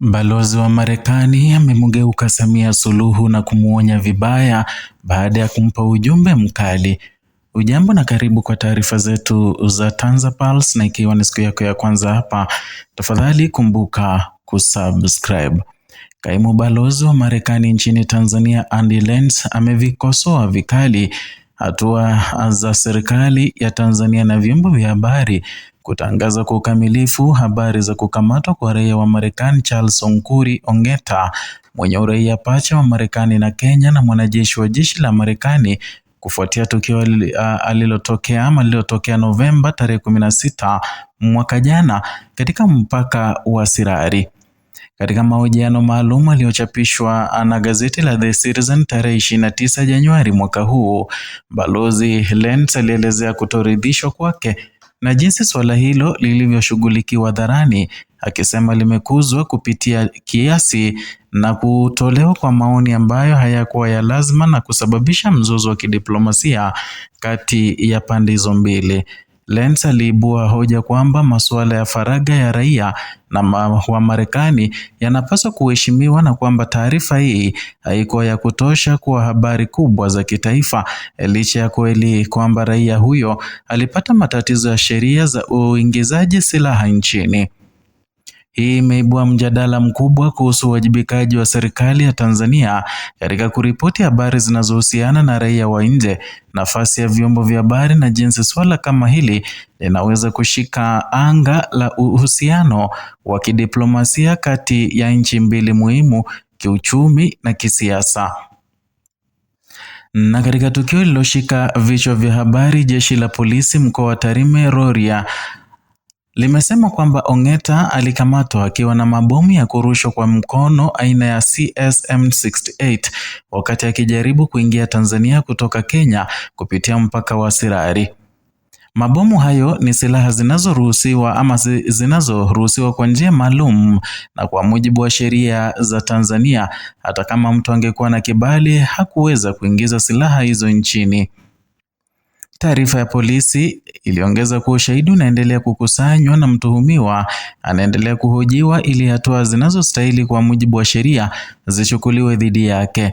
Balozi wa Marekani amemgeuka Samia Suluhu na kumwonya vibaya baada ya kumpa ujumbe mkali. Ujambo na karibu kwa taarifa zetu za TanzaPulse, na ikiwa ni siku yako ya kwanza hapa, tafadhali kumbuka kusubscribe. Kaimu balozi wa Marekani nchini Tanzania Andy Lenz amevikosoa vikali Hatua za serikali ya Tanzania na vyombo vya habari kutangaza kwa ukamilifu habari za kukamatwa kwa raia wa Marekani Charles Onkuri Ongeta mwenye uraia pacha wa Marekani na Kenya na mwanajeshi wa jeshi la Marekani kufuatia tukio alilotokea ama lililotokea Novemba tarehe 16 mwaka jana katika mpaka wa Sirari. Katika mahojiano maalum aliyochapishwa na gazeti la The Citizen tarehe 29 Januari mwaka huu, Balozi Lenz alielezea kutoridhishwa kwake na jinsi suala hilo lilivyoshughulikiwa hadharani, akisema limekuzwa kupitia kiasi na kutolewa kwa maoni ambayo hayakuwa ya lazima na kusababisha mzozo wa kidiplomasia kati ya pande hizo mbili. Lenz aliibua hoja kwamba masuala ya faragha ya raia na wa Marekani yanapaswa kuheshimiwa na kwamba taarifa hii haikuwa ya kutosha kuwa habari kubwa za kitaifa, licha ya kweli kwamba raia huyo alipata matatizo ya sheria za uingizaji silaha nchini. Hii imeibua mjadala mkubwa kuhusu uwajibikaji wa serikali ya Tanzania katika kuripoti habari zinazohusiana na raia wa nje, nafasi ya vyombo vya habari na jinsi suala kama hili linaweza kushika anga la uhusiano wa kidiplomasia kati ya nchi mbili muhimu kiuchumi na kisiasa. Na katika tukio lililoshika vichwa vya habari, jeshi la polisi mkoa wa Tarime Rorya limesema kwamba Ongeta alikamatwa akiwa na mabomu ya kurushwa kwa mkono aina ya CSM68 wakati akijaribu kuingia Tanzania kutoka Kenya kupitia mpaka wa Sirari. Mabomu hayo ni silaha zinazoruhusiwa ama zinazoruhusiwa kwa njia maalum na kwa mujibu wa sheria za Tanzania, hata kama mtu angekuwa na kibali hakuweza kuingiza silaha hizo nchini. Taarifa ya polisi iliongeza kuwa ushahidi unaendelea kukusanywa na mtuhumiwa anaendelea kuhojiwa ili hatua zinazostahili kwa mujibu wa sheria zichukuliwe dhidi yake.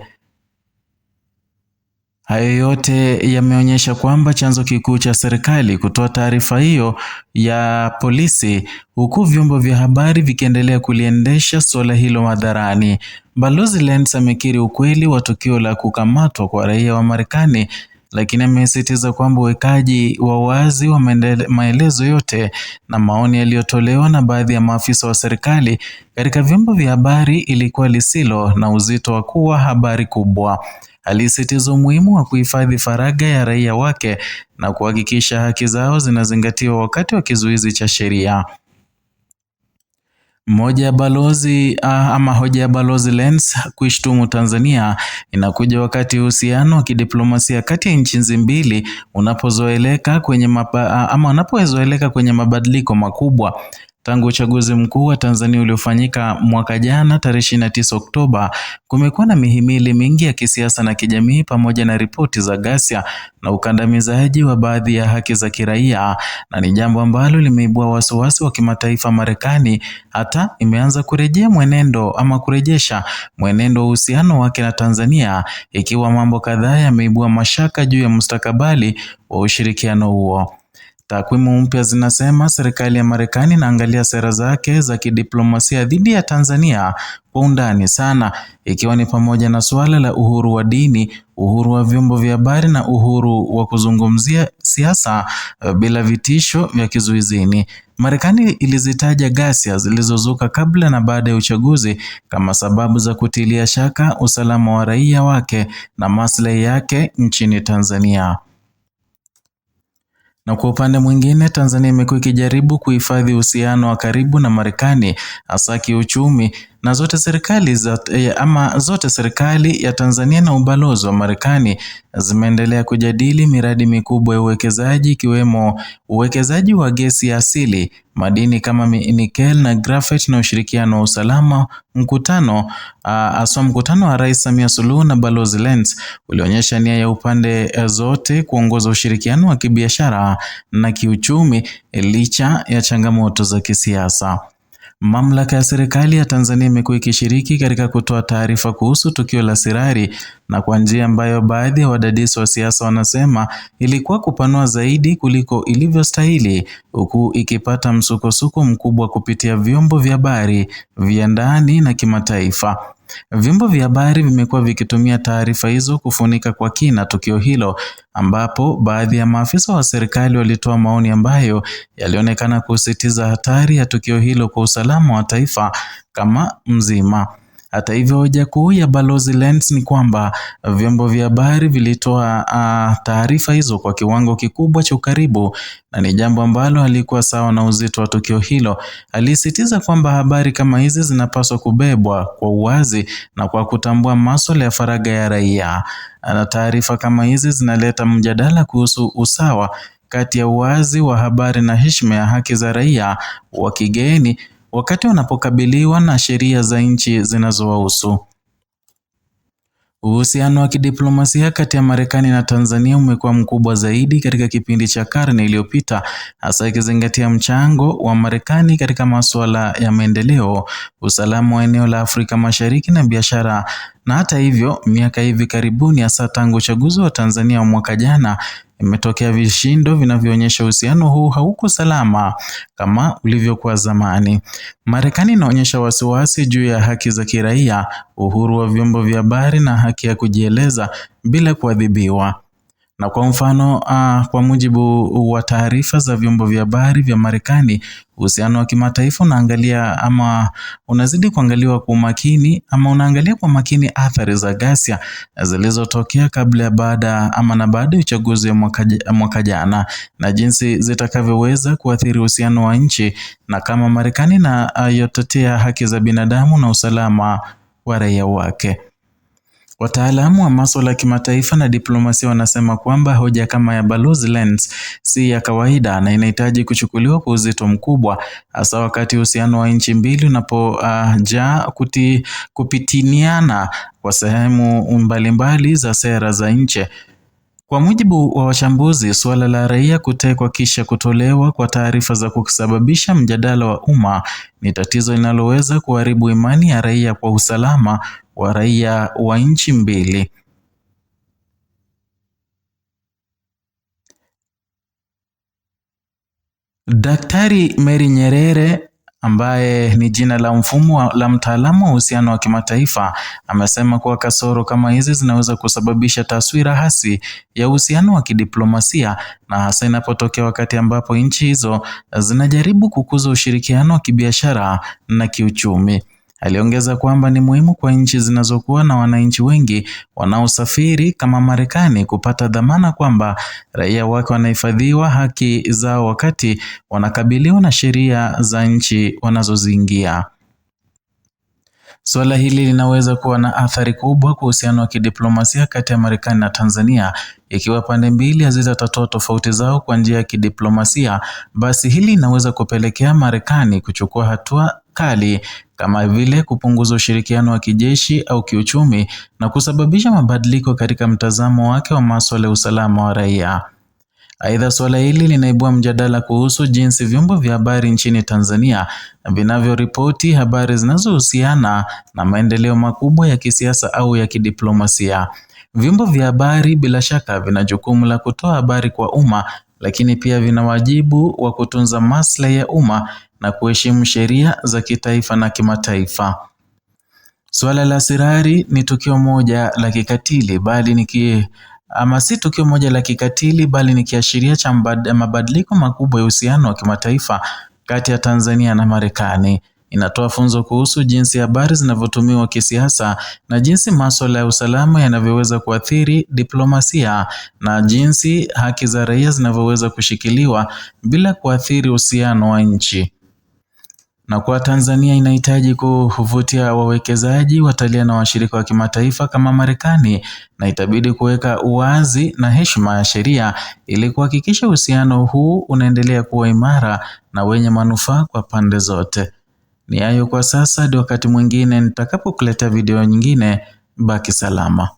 Hayo yote yameonyesha kwamba chanzo kikuu cha serikali kutoa taarifa hiyo ya polisi huku vyombo vya habari vikiendelea kuliendesha suala hilo madharani. Balozi Lenz amekiri ukweli wa tukio la kukamatwa kwa raia wa Marekani lakini amesisitiza kwamba uwekaji wa wazi wa maelezo yote na maoni yaliyotolewa na baadhi ya maafisa wa serikali katika vyombo vya habari ilikuwa lisilo na uzito wa kuwa habari kubwa. Alisisitiza umuhimu wa kuhifadhi faragha ya raia wake na kuhakikisha haki zao zinazingatiwa wakati wa kizuizi cha sheria. Moja ya balozi ah, ama hoja ya balozi Lens kuishtumu Tanzania inakuja wakati uhusiano wa kidiplomasia kati ya nchi hizi mbili unapozoeleka kwenye maba, ah, ama unapozoeleka kwenye mabadiliko makubwa Tangu uchaguzi mkuu wa Tanzania uliofanyika mwaka jana tarehe 29 Oktoba, kumekuwa na mihimili mingi ya kisiasa na kijamii pamoja na ripoti za ghasia na ukandamizaji wa baadhi ya haki za kiraia, na ni jambo ambalo limeibua wasiwasi wa kimataifa. Marekani hata imeanza kurejea mwenendo ama kurejesha mwenendo wa uhusiano wake na Tanzania, ikiwa mambo kadhaa yameibua mashaka juu ya mustakabali wa ushirikiano huo. Takwimu mpya zinasema serikali ya Marekani inaangalia sera zake za kidiplomasia dhidi ya Tanzania kwa undani sana, ikiwa ni pamoja na suala la uhuru wa dini, uhuru wa vyombo vya habari na uhuru wa kuzungumzia siasa eh, bila vitisho vya kizuizini. Marekani ilizitaja ghasia zilizozuka kabla na baada ya uchaguzi kama sababu za kutilia shaka usalama wa raia wake na maslahi yake nchini Tanzania. Na kwa upande mwingine, Tanzania imekuwa ikijaribu kuhifadhi uhusiano wa karibu na Marekani hasa kiuchumi na zote serikali za, eh, ama zote serikali ya Tanzania na ubalozi wa Marekani zimeendelea kujadili miradi mikubwa ya uwekezaji ikiwemo uwekezaji wa gesi ya asili, madini kama nikel na graphite na ushirikiano wa usalama. Mkutano aswa mkutano wa Rais Samia Suluhu na Balozi Lenz ulionyesha nia ya upande eh, zote kuongoza ushirikiano wa kibiashara na kiuchumi licha ya changamoto za kisiasa. Mamlaka ya serikali ya Tanzania imekuwa ikishiriki katika kutoa taarifa kuhusu tukio la Sirari na kwa njia ambayo baadhi ya wadadisi wa siasa wanasema ilikuwa kupanua zaidi kuliko ilivyostahili, huku ikipata msukosuko mkubwa kupitia vyombo vya habari vya ndani na kimataifa. Vyombo vya habari vimekuwa vikitumia taarifa hizo kufunika kwa kina tukio hilo, ambapo baadhi ya maafisa wa serikali walitoa maoni ambayo yalionekana kusisitiza hatari ya tukio hilo kwa usalama wa taifa kama mzima. Hata hivyo hoja kuu ya Balozi Lenz ni kwamba vyombo vya habari vilitoa ah, taarifa hizo kwa kiwango kikubwa cha ukaribu na ni jambo ambalo halikuwa sawa na uzito wa tukio hilo. Alisisitiza kwamba habari kama hizi zinapaswa kubebwa kwa uwazi na kwa kutambua masuala ya faragha ya raia. Na taarifa kama hizi zinaleta mjadala kuhusu usawa kati ya uwazi wa habari na heshima ya haki za raia wa kigeni wakati wanapokabiliwa na sheria za nchi zinazowahusu. Uhusiano wa kidiplomasia kati ya Marekani na Tanzania umekuwa mkubwa zaidi katika kipindi cha karne iliyopita, hasa ikizingatia mchango wa Marekani katika masuala ya maendeleo, usalama wa eneo la Afrika Mashariki na biashara na hata hivyo, miaka hivi karibuni hasa tangu uchaguzi wa Tanzania wa mwaka jana, imetokea vishindo vinavyoonyesha uhusiano huu hauko salama kama ulivyokuwa zamani. Marekani inaonyesha wasiwasi juu ya haki za kiraia, uhuru wa vyombo vya habari na haki ya kujieleza bila kuadhibiwa. Na kwa mfano uh, kwa mujibu wa taarifa za vyombo vya habari vya Marekani, uhusiano wa kimataifa unaangalia ama unazidi kuangaliwa kwa makini ama unaangalia kwa makini athari za ghasia zilizotokea kabla ya baada ama na baada ya uchaguzi wa mwaka jana na jinsi zitakavyoweza kuathiri uhusiano wa nchi na kama Marekani inayotetea ah, haki za binadamu na usalama wa raia wake. Wataalamu wa masuala ya kimataifa na diplomasia wanasema kwamba hoja kama ya Balozi Lens si ya kawaida na inahitaji kuchukuliwa kwa uzito mkubwa, hasa wakati uhusiano wa nchi mbili unapojaa uh, kupitiniana kwa sehemu mbalimbali za sera za nchi. Kwa mujibu wa wachambuzi, suala la raia kutekwa kisha kutolewa kwa taarifa za kusababisha mjadala wa umma ni tatizo linaloweza kuharibu imani ya raia kwa usalama wa raia wa nchi mbili. Daktari Mary Nyerere ambaye ni jina la mfumo la mtaalamu wa uhusiano wa kimataifa amesema kuwa kasoro kama hizi zinaweza kusababisha taswira hasi ya uhusiano wa kidiplomasia na hasa inapotokea wakati ambapo nchi hizo zinajaribu kukuza ushirikiano wa kibiashara na kiuchumi. Aliongeza kwamba ni muhimu kwa nchi zinazokuwa na wananchi wengi wanaosafiri kama Marekani kupata dhamana kwamba raia wake wanahifadhiwa haki zao wakati wanakabiliwa na sheria za nchi wanazoziingia. Suala hili linaweza kuwa na athari kubwa kwa uhusiano wa kidiplomasia kati ya Marekani na Tanzania. Ikiwa pande mbili hazitatatua tofauti zao kwa njia ya kidiplomasia, basi hili linaweza kupelekea Marekani kuchukua hatua kali kama vile kupunguza ushirikiano wa kijeshi au kiuchumi na kusababisha mabadiliko katika mtazamo wake wa masuala ya usalama wa raia. Aidha, suala hili linaibua mjadala kuhusu jinsi vyombo vya habari nchini Tanzania vinavyoripoti habari zinazohusiana na maendeleo makubwa ya kisiasa au ya kidiplomasia. Vyombo vya habari bila shaka vina jukumu la kutoa habari kwa umma lakini pia vina wajibu wa kutunza maslahi ya umma na kuheshimu sheria za kitaifa na kimataifa. Suala la sirari ni tukio moja la kikatili bali ni ki ama si tukio moja la kikatili bali ni kiashiria cha mabadiliko makubwa ya uhusiano wa kimataifa kati ya Tanzania na Marekani. Inatoa funzo kuhusu jinsi habari zinavyotumiwa kisiasa na jinsi masuala ya usalama yanavyoweza kuathiri diplomasia na jinsi haki za raia zinavyoweza kushikiliwa bila kuathiri uhusiano wa nchi. Na kwa Tanzania inahitaji kuvutia wawekezaji, watalia na washirika wa kimataifa kama Marekani, na itabidi kuweka uwazi na heshima ya sheria ili kuhakikisha uhusiano huu unaendelea kuwa imara na wenye manufaa kwa pande zote. Ni hayo kwa sasa hadi wakati mwingine nitakapokuleta video nyingine, baki salama.